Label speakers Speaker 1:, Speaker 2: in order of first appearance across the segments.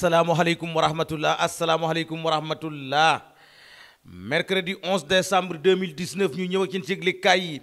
Speaker 1: asalaamaaleykum wa rahmatullah asalaamaaleykum wa rahmatullah mercredi 11 décembre 2019 ñu ñëw ak yéen ci yëglekaay yi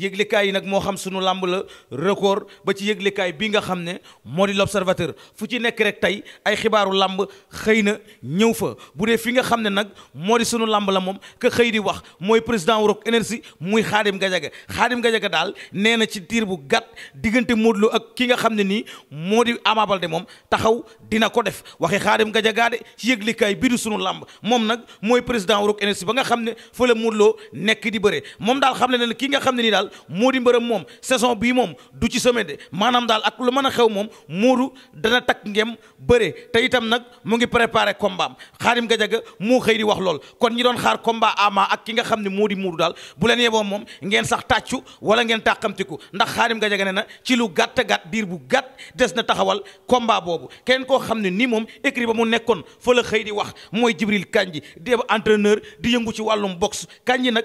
Speaker 1: yëglekaay yi nag moo xam sunu làmb la record ba ci yëglekaay bii nga xam ne moo di l'observateur fu ci nekk rek tey ay xibaaru làmb xëy na ñëw fa bu dee fi nga xam ne nag moo di sunu làmb la moom xëy di wax mooy président wu Rock Énergie muy Xaadim Gajaga Xaadim Gajaga daal nee na ci diir bu gàtt diggante Modou ak ki nga xam ne nii moo di Ama Baldé moom taxaw dina ko def waxi Xaadim Gajaga de ci yëglekaay bii du sunu làmb moom nag mooy président wu Rock ba nga xam ne fële Modou Lo nekk di bëre moom daal xam ne ne ki nga xam ne nii daal daal Modou mbërëm moom saison bii moom du ci semaine de maanaam daal ak lu mën a xew moom Modou dana takk ngem bëre te itam nag mu ngi préparé combat am Khadim Gadiaga moo xëy di wax lool kon ñi doon xaar combat ama ak ki nga xam ne moo di Modou daal bu leen yeboo moom ngeen sax tàccu wala ngeen tàqamtiku ndax Khadim Gadiaga ne na ci lu gàtt gàtt diir bu gàtt des na taxawal combat boobu kenn koo xam ne ni moom écrit ba mu nekkoon fa la xëy di wax mooy Jibril Kanji di entraîneur di yëngu ci wàllum boxe Kanji na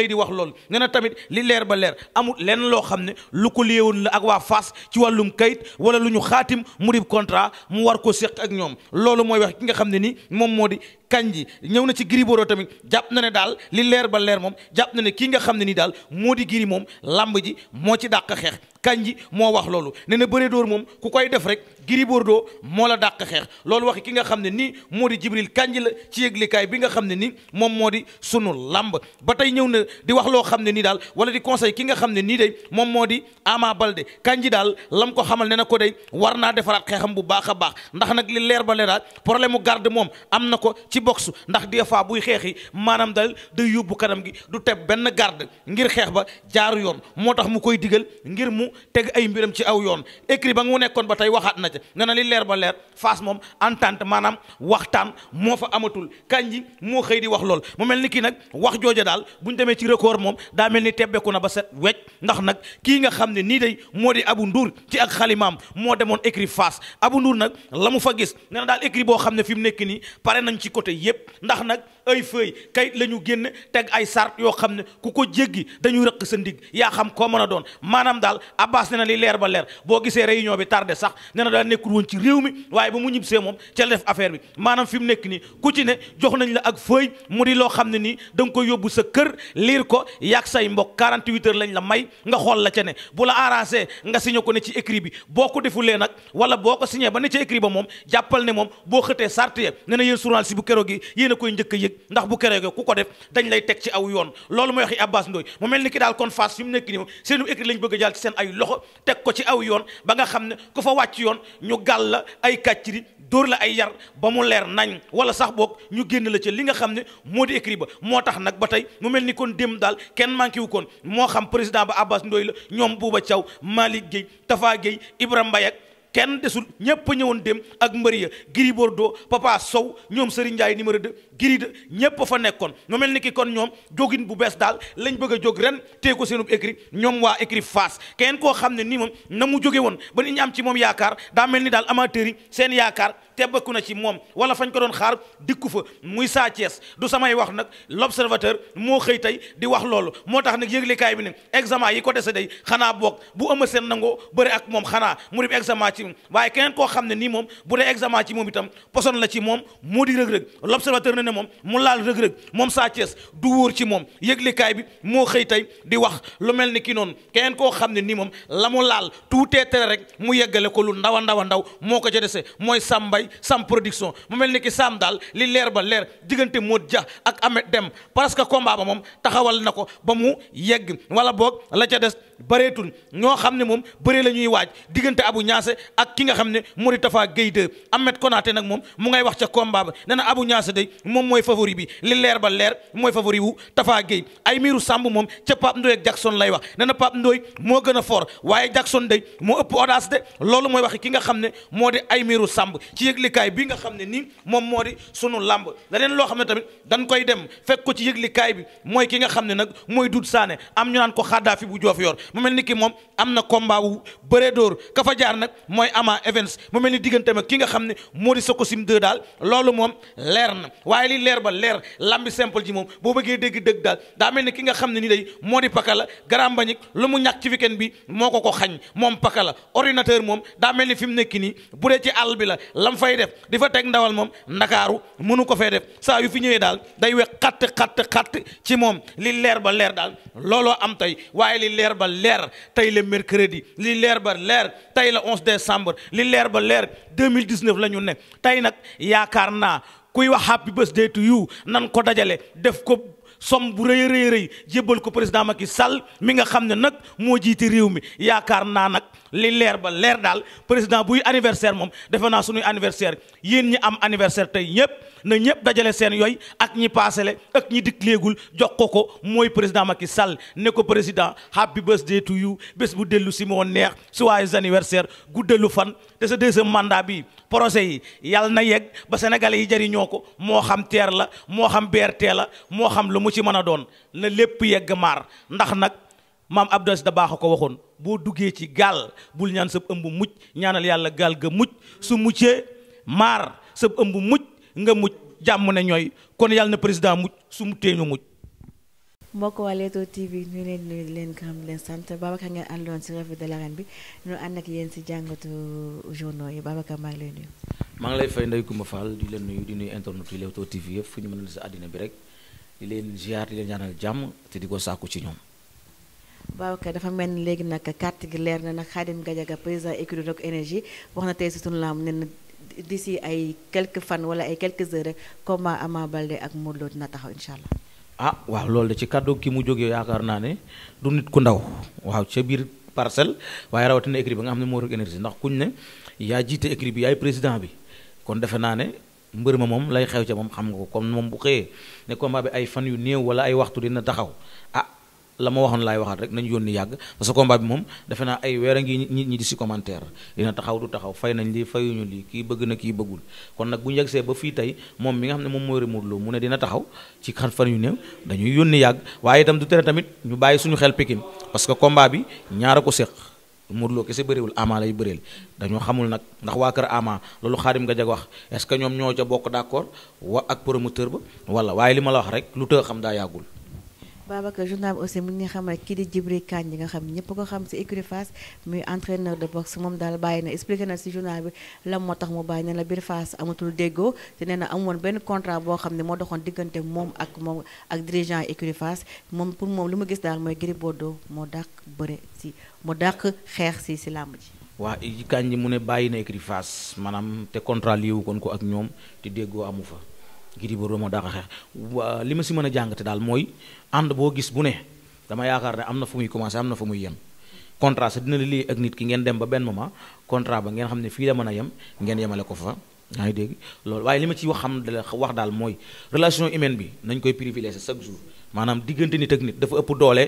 Speaker 1: xëy di wax loolu nee na tamit li leer ba leer amul lenn loo xam ne lu ko léewoon la ak waa Fass ci wàllum kayit wala lu ñu xaatim mu di contrat mu war ko séq ak ñoom loolu mooy wax ki nga xam ne ni moom moo di kanji ñëw na ci Gris Bordeaux tamit jàpp na ne daal li leer ba leer moom jàpp na ne kii nga xam ne nii daal moo di Gris moom làmb ji moo ci dàq xeex kanji moo wax loolu ne na bëre dóor moom ku koy def rek Gris doo moo la dàq xeex loolu waxi ki nga xam ne nii moo di Jibril kanji la ci yëglikaay bi nga xam ne nii moom moo di sunu làmb ba tey ñëw na di wax loo xam ne nii daal wala di conseil ki nga xam ne nii day moom moo di Ama balde kanji daal lam ko xamal ne na ko day war naa defaraat xeexam bu baax a baax ndax nag li leer ba leeraat problème mu garde moom am ci box ndax des fois buy xeexi maanaam dal day yóbbu kanam gi du teb benn garde ngir xeex ba jaaru yoon moo tax mu koy digal ngir mu teg ay mbiram ci aw yoon écrit ba mu nekkoon ba tey waxaat na ca nee na li leer ba leer faas moom entente maanaam waxtaan moo fa amatul kànji moo xëy di wax lool mu mel ni kii nag wax jooja daal bu ñu demee ci record moom daa mel ni tebbeeku na ba set wecc ndax nag kii nga xam ne nii day moo di Abu nduur ci ak xalimaam moo demoon écrit Fass Abu Ndour nag yëpp ndax nag ay feuille kayit la ñu génne teg ay sart yoo xam ne ku ko jéggi dañuy rëq sa ndig yaa xam koo mën a doon maanaam daal Abbas ne na li leer ba leer boo gisee réunion bi tardé sax ne na daal nekkul woon ci réew mi waaye ba mu ñibbisee moom ca la def affaire bi maanaam fi mu nekk nii ku ci ne jox nañ la ak feuille mu di loo xam ne nii da koy yóbbu sa kër liir ko yaag say mbokk 48 heures lañ la may nga xool la ca ne bu la arrangé nga signé ko ne ci écrit bi boo ko defulee nag wala boo ko ba ne ne moom boo xëtee sart ya ne na yéen journal si bu keroog koy njëkk a ndax bu keroog ku ko def dañ lay teg ci aw yoon loolu mooy waxi Abbas Ndoy mu mel ni ki daal kon Fass fi mu nekk nii moom seenu écrit lañ bëgg a ci seen ay loxo teg ko ci aw yoon ba nga xam ne ku fa wàcc yoon ñu gàll la ay kàcciri dóor la ay yar ba mu leer nañ wala sax boog ñu génn la ca li nga xam ne moo di écrit ba moo tax nag ba tey mu mel ni kon démb daal kenn manqué wu koon moo xam président ba Abbas Ndoy la ñoom Bouba Thiaw Malick Guèye Tafa Guèye Ibrahima Mbaye ak kenn desul ñépp a ñëwoon dem ak mbër ya Gris Bordeaux Papa Sow ñoom Serigne Ndiaye numéro 2 Gris de ñépp a fa nekkoon mu mel ni ki kon ñoom jógin bu bees daal lañ bëgg a jóg ren tee ko seenub écrit ñoom waa écrit Fass kenn koo xam ne nii moom na mu jóge woon ba nit ñi am ci moom yaakaar daa mel ni daal amateurs yi seen yaakaar tebbaku na ci moom wala fañ ko doon xaar dikku fa muy Sa Thiès du samay wax nag l'observateur moo xëy tey di wax loolu moo tax nag yëglekaay bi ne examen yi ko dese day xanaa boog bu ëma seen ci moom waaye keneen koo xam ne nii moom bu dee examen ci moom itam poson la ci moom moo di rëg-rëg l'observateur na ne moom mu laal rëg-rëg moom Sa Thiès du wóor ci moom yëglikaay bi moo xëy tey di wax lu mel ni ki noonu keneen koo xam ne nii moom la mu laal tuutee tere rek mu yeggale ko lu ndaw a ndaw moo ko ca dese mooy Sam Mbaye Sam Production mu mel ni ki Sam daal li leer ba leer diggante moo Dia ak Ahmed Dem parce que combat ba moom taxawal na ko ba mu yegg bareetul ñoo xam ne moom bëre la ñuy waaj diggante Abu Ñaase ak ki nga xam ne Mori Tafa Guèye 2 Ahmed Konaté nag moom mu ngay wax ca combat ba na Abu Ñaase day moom mooy favori bi li leer ba leer mooy favori wu Tafa ay miiru sàmb moom ca Pape Ndoye ak lay wax nee na Pape Ndoye moo gën a waaye Jackson day moo ëpp audace loolu mooy wax ki nga xam ne moo di ay miiru sàmb ci yëglikaay bi nga xam ne nii moom moo di sunu làmb leneen loo xam ne tamit dañ koy dem fekk ko ci yëglikaay bi mooy ki nga xam ne nag mooy Doudou saane am ñu naan ko xaddaafi bu joof yor mu mel ni ki moom am na combat wu bëree dóor ka fa jaar nag mooy Ama Events mu mel ni digganteem ak ki nga xam ne moo di ko sim 2 daal loolu moom leer na waaye li leer ba leer lambi simple ji moom boo bëggee dégg dëgg daal daa mel ni ki xam ne ni day moo di paka la garam bañik lu mu ñàkk ci bi moo ko ko xañ moom paka la ordinateur moom daa mel ni fi mu nekk nii bu dee ci àll bi la lam fay def di fa teg ndawal moom ndakaaru mënu ko fee def saa yu fi ñëwee daal day wex xatt xatt xatt ci moom li leer ba leer daal looloo am tey waaye li leer ba leer tey la mercredi li leer ba leer tey la 11 décembre li leer ba leer 2019 la ñu ne tey nag yaakaar naa kuy wax happy birthday to you nan ko dajale def ko som bu rëy rëy rëy jébbal ko président Macky sal mi nga xam ne nag moo jiite réew mi yaakaar naa nag li leer ba leer daal président buy anniversaire moom defe naa suñuy anniversaire yéen ñi am anniversaire tey ñëpp na ñëpp dajale seen yooyu ak ñi paasele ak ñi dikk léegul jox ko ko mooy président Macky Sall ne ko président happy birthday to you bés bu dellu si moo neex joyeux anniversaire guddalu fan te sa deuxième mandat bi projet yi yàlla na yegg ba sénégalais yi jariñoo ko moo xam teer la moo xam BRT la moo xam lu mu ci mën a doon na lépp yegg maar ndax nag maam Abdou da baax ko waxoon boo duggee ci gaal bul ñaan sab ëmb mucc ñaanal yàlla gaal ga mucc su muccee maar sab ëmb mucc nga mucc jàmm ne ñooy kon yàlla na président mucc
Speaker 2: su mu teeñu mucc mbokk waa Leewtoo TV ñu leen nuyu di leen gërëm leen sant Babacar ngeen àndoon ci revue de l'arène bi ñu ànd ak yéen ci jàngatu journaux yi Babacar maa ngi lay nuyu.
Speaker 1: maa ngi lay fay Ndeye Coumba Fall di leen nuyu di nuyu internet yi Leewtoo TV yëpp fu ñu mën a sa àddina bi rek di leen ziar di leen ñaanal jàmm te di ko sàkku ci ñoom.
Speaker 2: waaw kay dafa mel ni léegi nag carte gi leer na nag Khadim Gadiaga président écurie Rock Énergie wax na tey si sunu laam di si ay quelques fan wala ay quelques heures rek combat Ama Baldé ak Modou Lo dina taxaw incha allah.
Speaker 1: ah waaw loolu de ci kàddu ki mu jógee yaakaar naa ne du nit ku ndaw waaw ca biir parcelle waaye rawatina écurie ba nga xam ne moo Rock Énergie ndax kuñ ne yaa jiite écurie bi yaay président bi kon defe naa ne. mbër ma moom lay xew ca moom xam nga ko comme moom bu xëyee ne combat bi ay fan yu néew wala ay waxtu dina taxaw ah, la ma waxoon laay waxaat rek nañu yónni yàgg parce que combat bi moom defe naa ay weer a ngi ñi ñi di si commentaire dina taxaw du taxaw fay nañ lii fayuñu lii kii bëgg na kii bëggul kon nag bu ñu yegsee ba fii tey moom mi nga xam ne moom mooy Modou Lo mu ne dina taxaw ci xan fan yu néew dañuy yónni yàgg waaye itam du tere tamit ñu bàyyi suñu xel Pikine parce que combat bi ñaara ko séq Modou Lo kese bëriwul Ama lay bëreel dañoo xamul nag ndax waa kër Ama loolu xaarim nga jag wax est ce que ñoom ñoo ca bokk d'accord wa ak promoteur ba wala waaye li ma la wax rek lu xam daa
Speaker 2: Babacar journal bi aussi mu ngi xamal kii di Djibril Kane yi nga xam ñëpp ko xam si écurie Fass muy entraîneur de boxe moom daal bàyyi na expliqué na si journal bi lan moo tax mu bàyyi ne la biir Fass amatul déggoo te nee na amoon benn contrat boo xam ne moo doxoon diggante moom ak moom ak dirigeant écurie Fass moom pour moom li ma gis daal mooy Gris Bordeaux moo dàq bëre si mu dàq xeex si si làmb ji.
Speaker 1: waa Kane ji mu ne bàyyi na écurie Fass maanaam te contrat liiwu kon ko ak ñoom te déggoo amu fa. Gris Bordeaux moo daax a xeex li ma si mën a jàngate daal mooy ànd boo gis bu ne dama yaakaar ne am na fu muy commencé am na fu muy yem contrat sa dina la lii ak nit ki ngeen dem ba benn moment contrat ba ngeen xam ne fii la mën a yem ngeen yemale ko fa yaa ngi dégg loolu waaye li ma ci wax xam wax daal mooy relation humaine bi nañ koy privilégier chaque jour maanaam diggante nit ak nit dafa ëpp doole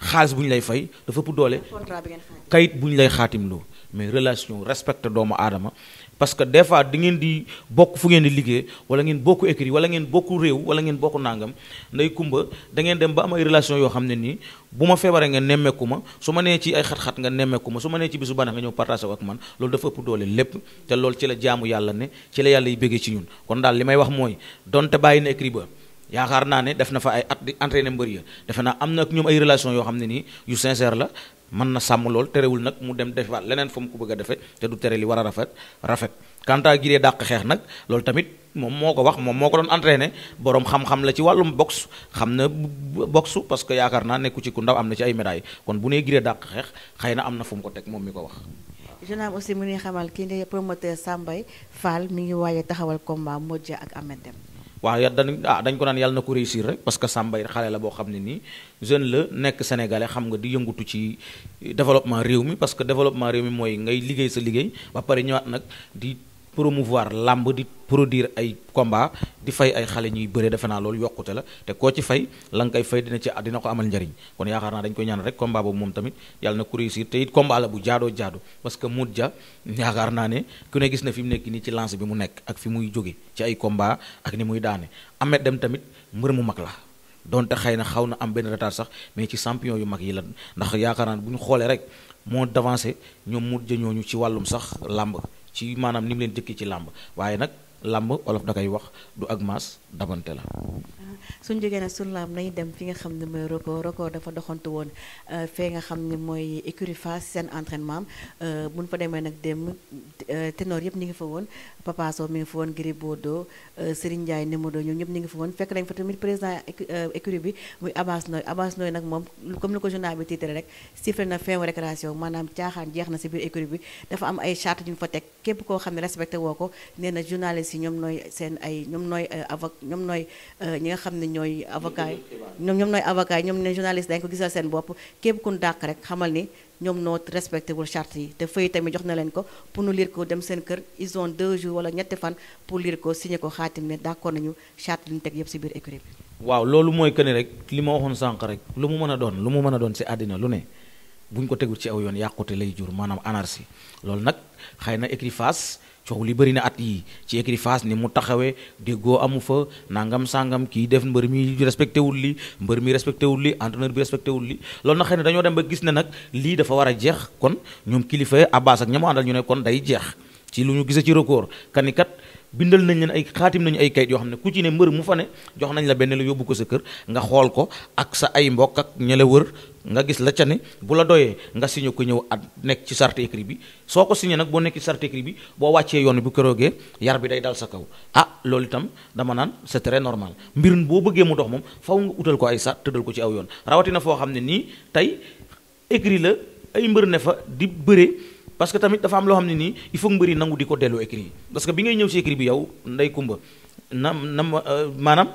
Speaker 1: xaalis bu ñu lay fay dafa ëpp doole kayit bu ñu lay xaatimloo mais relation respecte doomu aadama parce que des fois di di bokk fu ngeen di liggéey wala ngeen bokk écrit wala ngeen bokku réew wala ngeen bokk nàngam nday kumba da ngeen dem ba am ay relation yoo xam ne nii bu ma feebaree nga nemmeeku ma su ma nee ci ay xat-xat nga nemmeeku ma su ma nee ci bisu bànneex nga ñëw partagé ko ak man loolu dafa ëpp doole lépp te loolu ci la jaamu yàlla ne ci la yàlla yi bëggee ci ñun kon daal li may wax mooy donte bàyyi na écrit ba yaakaar naa ne def na fa ay at di entraîné mbër ya defe naa am na ak ñoom ay relation yoo xam ne nii yu sincère la mën na sàmm lool terewul nag mu dem defaat leneen fa mu ko bëgg a te du tere li war a rafet rafet quant à gi dàq xeex nag loolu tamit moom moo ko wax moom moo ko doon entraîné borom xam-xam la ci wàllum box xam na box parce que yaakaar naa nekku ci ku ndaw am na ci ay médailles kon bu nee giree dàq xeex xëy na am na fu mu ko teg moom mi ko wax.
Speaker 2: jeune aussi mu ngi xamal kii ne promoteur Sambay Fall mi ngi waaye taxawal combat Modja ak Amed
Speaker 1: waaw ya dañ ah ko naan yàlla na ko réussir rek parce que Samba xale la boo xam ne nii jeune la nekk sénégalais xam nga di yëngutu ci développement réew mi parce que développement réew mi mooy ngay liggéey sa liggéey ba pare ñëwaat nag di promouvoir làmb di produire ay combat di fay ay xale ñuy bëre defe naa loolu yokkute la te koo ci fay la nga fay dina ci dina ko amal njariñ kon yaakaar naa dañ koy ñaan rek combat boobu moom tamit yàlla na ko réussir te it combat bu jaadoo jaado parce que Modou Dia yaakaar naa ne ku ne gis na fi mu nekk nii ci lance bi mu nekk ak fi muy jóge ci ay combat ak ni muy daane Ahmed dem tamit mbër mu mag la donte xëy na xaw na am benn retard sax mais ci champion yu mag yi la ndax yaakaar naa ne bu ñu xoolee rek moo avancé ñoom Modou Dia ñooñu ci wàllum sax làmb ci maanaam ni mu leen jëkkee ci làmb waaye nag làmb olof da koy wax du ak maas dabante la
Speaker 2: suñ jógee na suñu nañ dem fi nga xam ne mooy record record dafa doxantu euh, nga xam ne mooy écurie Fass seen entraînement am euh, buñ fa demee nag dem euh, ténor yëpp ñu ngi fa woon Papa Sow mi ngi fa woon Gris Bordeaux Serigne Ndiaye numéro ñoom ñëpp ñu ngi fa woon fekk nañ fa tamit président écurie bi muy Abbas Nooy Abbas Nooy nag moom comme ni ko journal bi titre rek sifflé na fin récréation maanaam caaxaan jeex na si biir écurie bi dafa am ay charte ñu fa teg képp koo xam ne respecté woo ko nee na yi ñoom nooy seen ay ñoom nooy ñoom nooy xam ne ñooy avocat yi ñoom ñoom nooy avocat yi ñoom ne journaliste dañ ko gisal seen bopp képp kun dàq rek xamal ni ñoom noo respecté wul charte yi te feuille tamit jox na leen ko pour nu lire ko dem seen kër ils ont deux jours wala ñetti fan pour liir ko signé ko xaatim ne d'accord nañu charte li ñu teg yëpp si biir écurie
Speaker 1: bi waaw loolu mooy que ne rek li ma waxoon sànq rek lu mu mën a doon lu mu mën a doon si àddina lu ne buñ ko tegul ci aw yoon yàqute lay jur maanaam anarchie loolu nag xëy na écurie Fass coow li bëri na at yii ci écurie ni mu taxawee déggoo amu fa nangam sangam kii def mbër mi respecté wul li mbër mi respecté wul li entraîneur bi respecté wul li loolu na xëy ne dañoo dem ba gis ne nag lii dafa war a jeex kon ñoom kilifa Abbas ak ñamu àndal ñu ne kon day jeex ci lu ñu gisee ci record kanikat bindal nañ leen ay xaatim nañ ay kayit yoo xam ne ku ci ne mbër mu fa jox nañ la benn la yóbbu ko sa kër nga xool ko ak sa ay mbokk ak ña la wër nga gis la ca ne bu la doyee nga signé ko ñëw at nekk ci charte écrit bi soo ko signé nag boo nekk ci charte bi boo wàccee yoon bu këroogee yar bi day dal sa kaw ah loolu itam dama naan sa très normal mbir boo bëggee mu dox moom faw nga utal ko ay sart tëddal ko ci aw yoon rawatina foo xam ne nii tey écrit la ay mbër ne fa di bëre parce que tamit dafa am loo xam ne nii il faut mbëri nangu di ko delloo écrit yi parce que bi ngay ñëw ci écrit bi yow ndey kumba na na euh, maanaam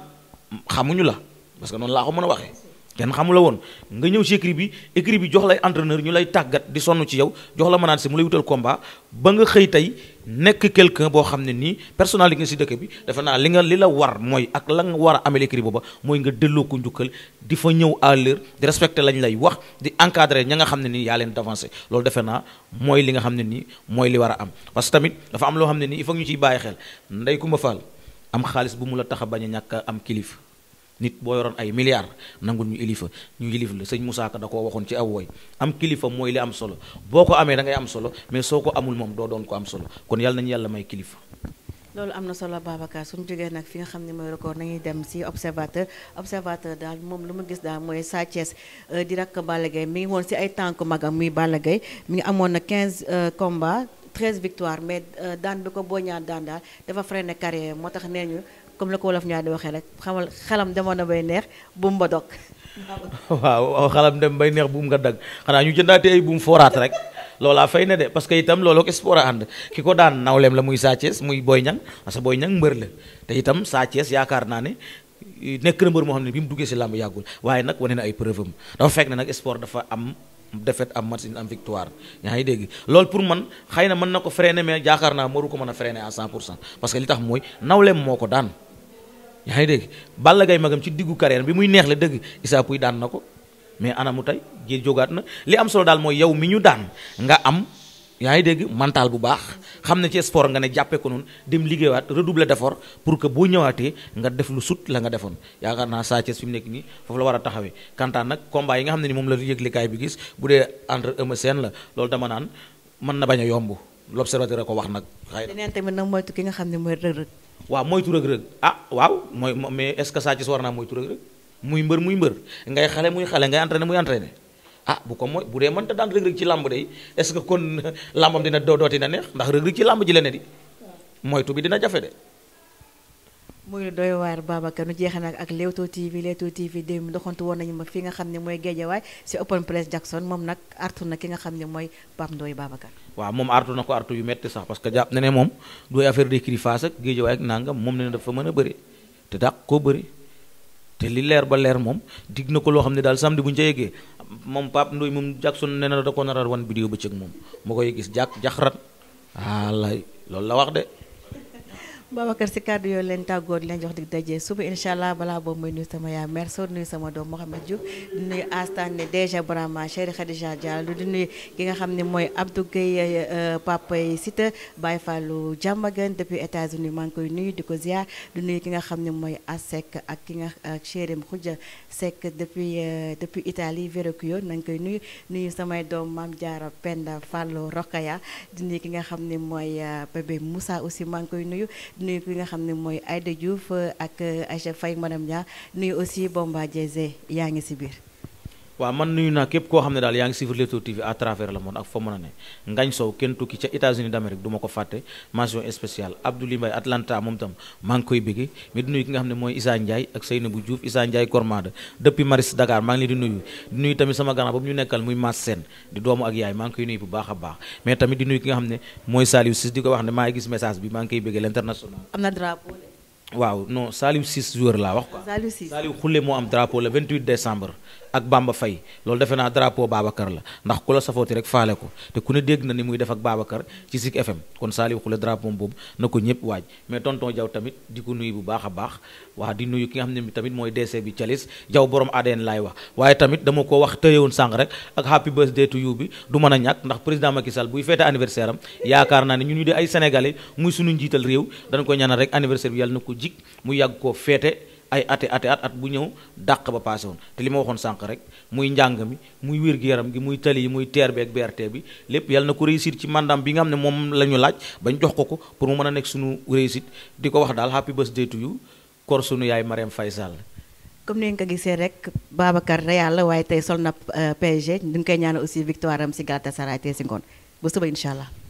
Speaker 1: xamuñu la parce que noonu laa ko mën a waxee kenn xamula woon nga ñëw ci écrit bi écrit bi jox lay entraîneur ñu lay tàggat di sonn ci yow jox la mënaan si mu lay wutal combat ba nga xëy tey nekk quelqu'un boo xam ne nii personnalité nga si dëkk bi defe naa li nga li la war mooy ak la nga war a amee écrit booba mooy nga delloo ko njukkal di fa ñëw à l'heure di respecter lañu lay wax di encadrer ña nga xam ne nii yaa leen d'avancer loolu defe naa mooy li nga xam ne nii mooy li war a am parce que tamit dafa am loo xam ne nii il ñu ciy bàyyi xel ndey ma faal am xaalis bu mu la tax a bañ a ñàkk am kilifa. nit boo yoroon ay milliards nangul ñu ilifa ñu ilif la sëñ Moussa Ka da koo waxoon ci aw wooy am kilifa mooy li am solo boo ko amee da ngay am solo mais soo ko amul moom doo doon ko am solo kon yàlla ñu yàlla may kilifa.
Speaker 2: loolu am na solo Babacar suñu jógee nag fi nga xam ne mooy record nañuy dem si observateur observateur daal moom lu mu gis daal mooy Sa Thiès euh, di rakk Balla Gaye mi ngi woon si ay tànk magam muy Balla Gaye mi ngi amoon na 15 euh, combats 13 victoires mais euh, daan ko boo ñaan daan daal dafa freiné carrière moo tax nee ñu. comme la ko wolof ñaar di waxee rek xamal xalam demoon na bay neex buum ba dog
Speaker 1: waaw xalam dem bay neex buum nga dagg xanaa ñu jëndaate ay buum fooraat rek a fay na de parce que itam looloo ko sport a ànd ki ko daan nawleem la muy Sa muy booy Niang parce que Boy Niang mbër la te itam Sa Thiès yaakaar naa ne nekk na mbër moo xam ne bi mu duggee si làmb yàggul waaye nag wane na ay preuve am dafa fekk ne nag sport dafa am défaite am match am victoire yaa ngi dégg loolu pour man xëy na mën na ko freiner mais jaakaar naa maru ko mën a freiner à 100 pour cent parce que li tax mooy nawleem moo ko daan yaa ngi dégg Balla Gaye magam ci diggu carrière bi muy neex la dëgg Issa Pouye daan na ko mais anamu tey ji jógaat na li am solo daal mooy yow mi ñu daan nga am yaa ngi dégg mental bu baax xam ne ci sport nga ne jàppee ko noonu dem liggéeyaat redoubler d'effort pour que boo ñëwaatee nga def lu sut la nga defoon yaakaar naa Sa Thiès fi mu nekk nii foofu la war a taxawee kantaan nag combat yi nga xam ne ni moom la yëglikaay bi gis bu dee entre Eumeu Sène la loolu dama naan man na bañ a yomb l'observateur a ko wax nag.
Speaker 2: xëy na tamit nag moytu ki nga xam ne mooy rëg-rëg.
Speaker 1: waaw moytu rëg-rëg ah waaw mooy mais est-ce Sa Thiès war naa moytu rëg-rëg muy mbër muy mbër ngay xale muy xale ngay entraîné ah bu ko mooy bu dee mënta daan rëg-rëg ci làmb day est ce que kon làmbam dina doo dooti na neex ndax rëg-rëg ci làmb ji la ne di bi dina jafe de.
Speaker 2: muy doy waar Babacar nu jeexal nag ak Leewtoo TV Leewtoo TV démb doxantu woon nañu ma fi nga xam ne mooy Géejawaay si open press Jackson moom nag artu na ki nga xam ne mooy Pape Ndoye Babacar.
Speaker 1: waaw moom artu na ko artu yu metti sax parce que jàpp na ne moom doy affaire de crifaas ak Géejawaay ak nangam moom ne na dafa mën a bëri te dàq koo bëri. te li leer ba leer moom digg na ko loo xam ne daal samedi bu ñu ca yeggee moom Pape Ndoye moom Jackson nee na da ko naral wan ba bëccëg moom moo koy gis jàkk jaxrat wallaay loolu la wax de
Speaker 2: Babacar si kàddu yooyu leen tàggoo di leen jox dig daje suba incha allah balaa boobu may nuyu sama yaay mère Sow nuyu sama doom Mouhamed Diouf di nuyu Astane déjà Brahma Cheikh Khadija Diallo di nuyu ki nga xam ne mooy Abdou Gueye euh, papa Sita Baye Fallou Diamagan depuis États-Unis koy nuyu di ko ziar di ki nga xam ne mooy Asek ak ki nga ak chérim Khoudia Seck depuis euh, depuis Italie nañ koy nuyu nuyu samay doom maam Diarra Penda Fallou Rokaya di nuyu ki nga xam ni mooy euh, bébé Moussa aussi maa ngi koy nuyu. nuyu ki nga xam ne mooy Aïda Diouf euh, ak euh, Aïcha Faye madame Dia ni aussi Bomba Diézé yaa ngi si biir.
Speaker 1: waaw man nuyu naa képp koo xam ne daal yaa ngi suivre Leewtoo TV à travers le monde ak foo mën ne Ngagne Sow kenn tukki ca États-Unis d'Amérique du ko fàtte mention spéciale Abdoulaye Mbaye Atlanta moom tam maa ngi koy béggee mais di nuyu ki nga xam ne mooy Issa Ndiaye ak Seynabou Diouf Issa Ndiaye Kormada depuis Maris Dakar di nekkal muy Mass Sène di doomu ak yaay bu baax baax mais tamit di nuyu ki ne mooy Saliou Ciss di ko wax ne maa gis message bi maa ngi koy béggee l'international na drapeau waaw non Saliou Ciss joueur laa wax quoi
Speaker 2: Saliou Ciss Saliou
Speaker 1: moo am drapeau le 28 ak Bamba Faye loolu defe naa drapeau Babacar la ndax ku la safooti rek faale ko te ku ne dégg na ni muy def ak Babacar ci Zik FM kon Saliou Khoulé drapeau boobu na ko ñëpp waaj mais tonton Diaw tamit di ko nuyu bu baax a baax waa di nuyu ki nga xam ne bi tamit mooy DC bi Thialis Diaw borom ADN laay wax waaye tamit dama ko wax tëyewoon sànq rek ak happy birthday to you bi du mën a ñàkk ndax président Macky Sall buy feete anniversaire yaakaar naa ne ñu ñu d ay sénégalais muy suñu njiital réew dañ ko ñaanal rek anniversaire bi yàlla na ko jik mu yàgg koo feete ay ati ati at at bu ñëw dàq ba paase woon te li ma waxoon sànq rek muy njàng mi muy wér-gu-yaram gi muy tali yi muy TER bi ak BRT bi lépp yàlla na ko réussir ci mandaam bi nga xam ne moom la ñu laaj bañ jox ko ko pour mu mën a nekk suñu réussite di ko wax daal happy birthday to you sunu yaay Marième Faye Sall
Speaker 2: comme ni nga ko gisee rek Babacar na yàlla waaye tey sol na euh, PSG ñu ngi koy ñaanal aussi victoire am si Galatasaray tey si ngoon ba suba incha